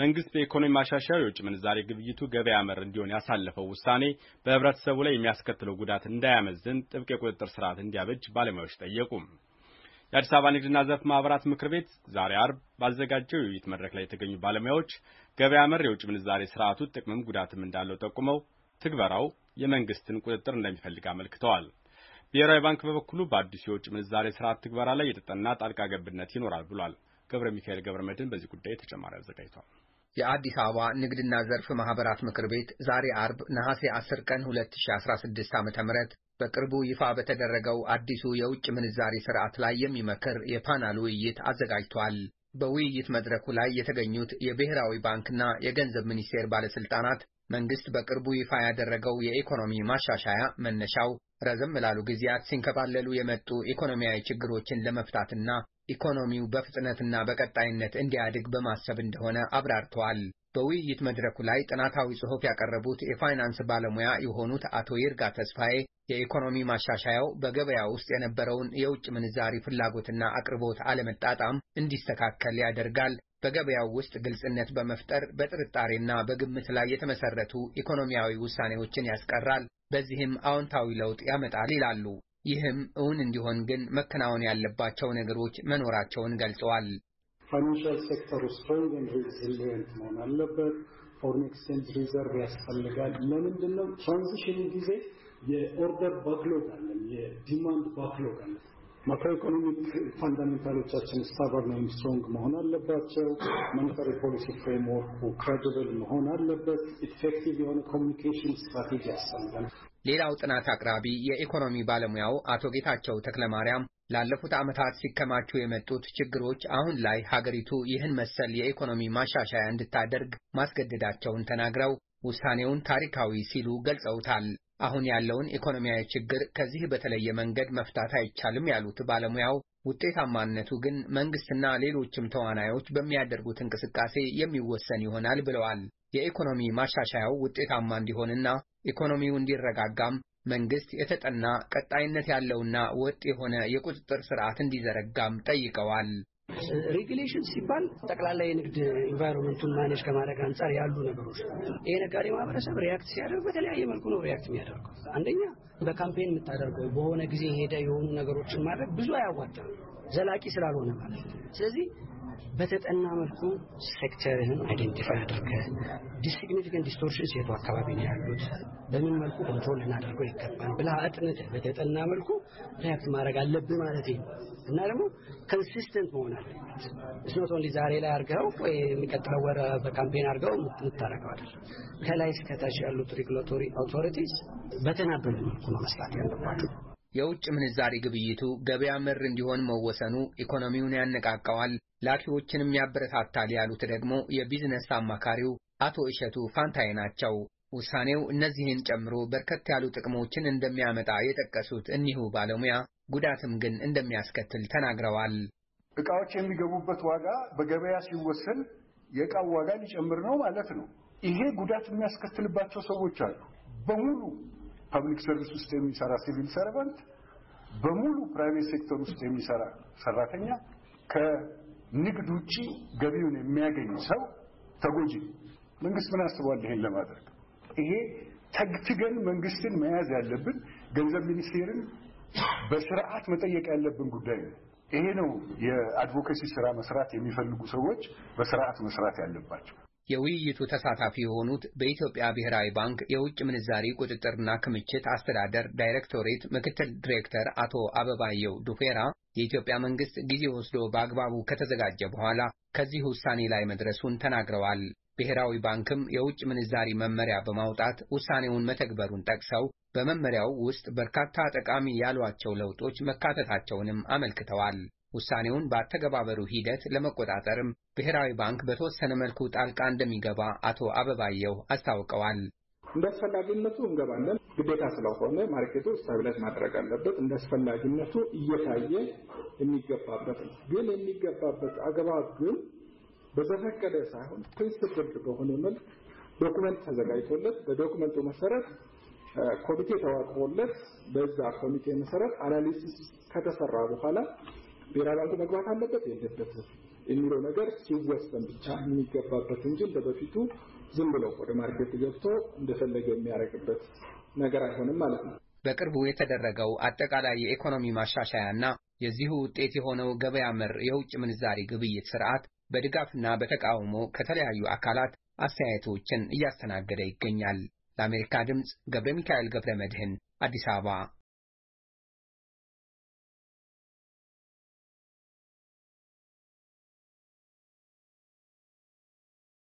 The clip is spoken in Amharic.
መንግስት በኢኮኖሚ ማሻሻያው የውጭ ምንዛሬ ግብይቱ ገበያ መር እንዲሆን ያሳለፈው ውሳኔ በህብረተሰቡ ላይ የሚያስከትለው ጉዳት እንዳያመዝን ጥብቅ የቁጥጥር ስርዓት እንዲያበጅ ባለሙያዎች ጠየቁ። የአዲስ አበባ ንግድና ዘርፍ ማህበራት ምክር ቤት ዛሬ አርብ ባዘጋጀው የውይይት መድረክ ላይ የተገኙ ባለሙያዎች ገበያ መር የውጭ ምንዛሬ ስርዓቱ ጥቅምም ጉዳትም እንዳለው ጠቁመው ትግበራው የመንግስትን ቁጥጥር እንደሚፈልግ አመልክተዋል። ብሔራዊ ባንክ በበኩሉ በአዲሱ የውጭ ምንዛሬ ስርዓት ትግበራ ላይ የተጠና ጣልቃ ገብነት ይኖራል ብሏል። ገብረ ሚካኤል ገብረ መድን በዚህ ጉዳይ ተጨማሪ አዘጋጅቷል። የአዲስ አበባ ንግድና ዘርፍ ማህበራት ምክር ቤት ዛሬ አርብ ነሐሴ 10 ቀን 2016 ዓ ም በቅርቡ ይፋ በተደረገው አዲሱ የውጭ ምንዛሪ ስርዓት ላይ የሚመክር የፓናል ውይይት አዘጋጅቷል። በውይይት መድረኩ ላይ የተገኙት የብሔራዊ ባንክና የገንዘብ ሚኒስቴር ባለሥልጣናት መንግሥት በቅርቡ ይፋ ያደረገው የኢኮኖሚ ማሻሻያ መነሻው ረዘም ላሉ ጊዜያት ሲንከባለሉ የመጡ ኢኮኖሚያዊ ችግሮችን ለመፍታትና ኢኮኖሚው በፍጥነትና በቀጣይነት እንዲያድግ በማሰብ እንደሆነ አብራርተዋል። በውይይት መድረኩ ላይ ጥናታዊ ጽሑፍ ያቀረቡት የፋይናንስ ባለሙያ የሆኑት አቶ ይርጋ ተስፋዬ የኢኮኖሚ ማሻሻያው በገበያ ውስጥ የነበረውን የውጭ ምንዛሪ ፍላጎትና አቅርቦት አለመጣጣም እንዲስተካከል ያደርጋል፣ በገበያው ውስጥ ግልጽነት በመፍጠር በጥርጣሬና በግምት ላይ የተመሰረቱ ኢኮኖሚያዊ ውሳኔዎችን ያስቀራል፣ በዚህም አዎንታዊ ለውጥ ያመጣል ይላሉ። ይህም እውን እንዲሆን ግን መከናወን ያለባቸው ነገሮች መኖራቸውን ገልጸዋል። ፋይናንሻል ሴክተሩ ስትሮንግ ኤንድ ሪዚሊየንት መሆን አለበት። ፎሬን ኤክስቼንጅ ሪዘርቭ ያስፈልጋል። ለምንድን ነው ትራንዚሽን ጊዜ የኦርደር ባክሎግ አለን፣ የዲማንድ ባክሎግ አለን። ማክሮኢኮኖሚክ ፋንዳሜንታሎቻችን ስታባር ነው ስትሮንግ መሆን አለባቸው። ሞኔታሪ ፖሊሲ ፍሬምወርኩ ክሬዲብል መሆን አለበት። ኢፌክቲቭ የሆነ ኮሚኒኬሽን ስትራቴጂ ያስፈልጋል። ሌላው ጥናት አቅራቢ የኢኮኖሚ ባለሙያው አቶ ጌታቸው ተክለማርያም ላለፉት ዓመታት ሲከማቹ የመጡት ችግሮች አሁን ላይ ሀገሪቱ ይህን መሰል የኢኮኖሚ ማሻሻያ እንድታደርግ ማስገደዳቸውን ተናግረው ውሳኔውን ታሪካዊ ሲሉ ገልጸውታል። አሁን ያለውን ኢኮኖሚያዊ ችግር ከዚህ በተለየ መንገድ መፍታት አይቻልም ያሉት ባለሙያው ውጤታማነቱ ግን መንግስትና ሌሎችም ተዋናዮች በሚያደርጉት እንቅስቃሴ የሚወሰን ይሆናል ብለዋል። የኢኮኖሚ ማሻሻያው ውጤታማ እንዲሆንና ኢኮኖሚው እንዲረጋጋም መንግስት የተጠና ቀጣይነት ያለውና ወጥ የሆነ የቁጥጥር ስርዓት እንዲዘረጋም ጠይቀዋል። ሬጉሌሽን ሲባል ጠቅላላ የንግድ ኢንቫይሮንመንቱን ማኔጅ ከማድረግ አንጻር ያሉ ነገሮች ይሄ ነጋዴ ማህበረሰብ ሪያክት ሲያደርግ በተለያየ መልኩ ነው ሪያክት የሚያደርገው። አንደኛ በካምፔን የምታደርገው በሆነ ጊዜ ሄደ የሆኑ ነገሮችን ማድረግ ብዙ አያዋጣም፣ ዘላቂ ስላልሆነ ማለት ነው። ስለዚህ በተጠና መልኩ ሴክተርህን አይደንቲፋይ አድርገ ዲስግኒፊካንት ዲስቶርሽንስ የቱ አካባቢ ነው ያሉት፣ በምን መልኩ ኮንትሮል ልናደርገው ይገባል ብለህ አጥንተህ በተጠና መልኩ ሪያክት ማድረግ አለብህ ማለት ነው። እና ደግሞ ኮንሲስተንት መሆን አለበት። እስኖት ኦንሊ ዛሬ ላይ አርገው ወይ የሚቀጥለው ወር በካምፔን አርገው የምታረገው አይደለም። ከላይ እስከታች ያሉት ሬጉላቶሪ አውቶሪቲስ በተናበበ መልኩ ነው መስራት ያለባቸው። የውጭ ምንዛሬ ግብይቱ ገበያ መር እንዲሆን መወሰኑ ኢኮኖሚውን ያነቃቃዋል፣ ላኪዎችንም ያበረታታል ያሉት ደግሞ የቢዝነስ አማካሪው አቶ እሸቱ ፋንታዬ ናቸው። ውሳኔው እነዚህን ጨምሮ በርከት ያሉ ጥቅሞችን እንደሚያመጣ የጠቀሱት እኒሁ ባለሙያ ጉዳትም ግን እንደሚያስከትል ተናግረዋል። እቃዎች የሚገቡበት ዋጋ በገበያ ሲወሰን የእቃው ዋጋ ሊጨምር ነው ማለት ነው። ይሄ ጉዳት የሚያስከትልባቸው ሰዎች አሉ በሙሉ ፐብሊክ ሰርቪስ ውስጥ የሚሰራ ሲቪል ሰርቫንት በሙሉ ፕራይቬት ሴክተር ውስጥ የሚሰራ ሰራተኛ ከንግድ ውጪ ገቢውን የሚያገኝ ሰው ተጎጂ። መንግስት ምን አስቧል ይሄን ለማድረግ? ይሄ ተግትገን መንግስትን መያዝ ያለብን ገንዘብ ሚኒስቴርን በስርዓት መጠየቅ ያለብን ጉዳይ ነው። ይሄ ነው የአድቮኬሲ ስራ መስራት የሚፈልጉ ሰዎች በስርዓት መስራት ያለባቸው። የውይይቱ ተሳታፊ የሆኑት በኢትዮጵያ ብሔራዊ ባንክ የውጭ ምንዛሪ ቁጥጥርና ክምችት አስተዳደር ዳይሬክቶሬት ምክትል ዲሬክተር አቶ አበባየው ዱፌራ የኢትዮጵያ መንግስት ጊዜ ወስዶ በአግባቡ ከተዘጋጀ በኋላ ከዚህ ውሳኔ ላይ መድረሱን ተናግረዋል። ብሔራዊ ባንክም የውጭ ምንዛሪ መመሪያ በማውጣት ውሳኔውን መተግበሩን ጠቅሰው በመመሪያው ውስጥ በርካታ ጠቃሚ ያሏቸው ለውጦች መካተታቸውንም አመልክተዋል። ውሳኔውን በአተገባበሩ ሂደት ለመቆጣጠርም ብሔራዊ ባንክ በተወሰነ መልኩ ጣልቃ እንደሚገባ አቶ አበባየው አስታውቀዋል። እንደ አስፈላጊነቱ እንገባለን። ግዴታ ስለሆነ ማርኬቱ ስታብላይዝ ማድረግ አለበት። እንደ አስፈላጊነቱ እየታየ የሚገባበት ነው። ግን የሚገባበት አግባብ ግን በዘፈቀደ ሳይሆን ፕሪንስፕል በሆነ መልክ ዶኩመንት ተዘጋጅቶለት በዶኩመንቱ መሰረት ኮሚቴ ተዋቅሮለት በዛ ኮሚቴ መሰረት አናሊሲስ ከተሰራ በኋላ ብሔራዊ ባንክ መግባት አለበት የለበት የሚለው ነገር ሲወሰን ብቻ የሚገባበት እንጂ በበፊቱ ዝም ብሎ ወደ ማርኬት ገብቶ እንደፈለገ የሚያደርግበት ነገር አይሆንም ማለት ነው። በቅርቡ የተደረገው አጠቃላይ የኢኮኖሚ ማሻሻያ የዚሁ ውጤት የሆነው ገበያ መር የውጭ ምንዛሪ ግብይት ስርዓት በድጋፍና በተቃውሞ ከተለያዩ አካላት አስተያየቶችን እያስተናገደ ይገኛል። ለአሜሪካ ድምፅ ገብረ ሚካኤል ገብረ መድህን አዲስ አበባ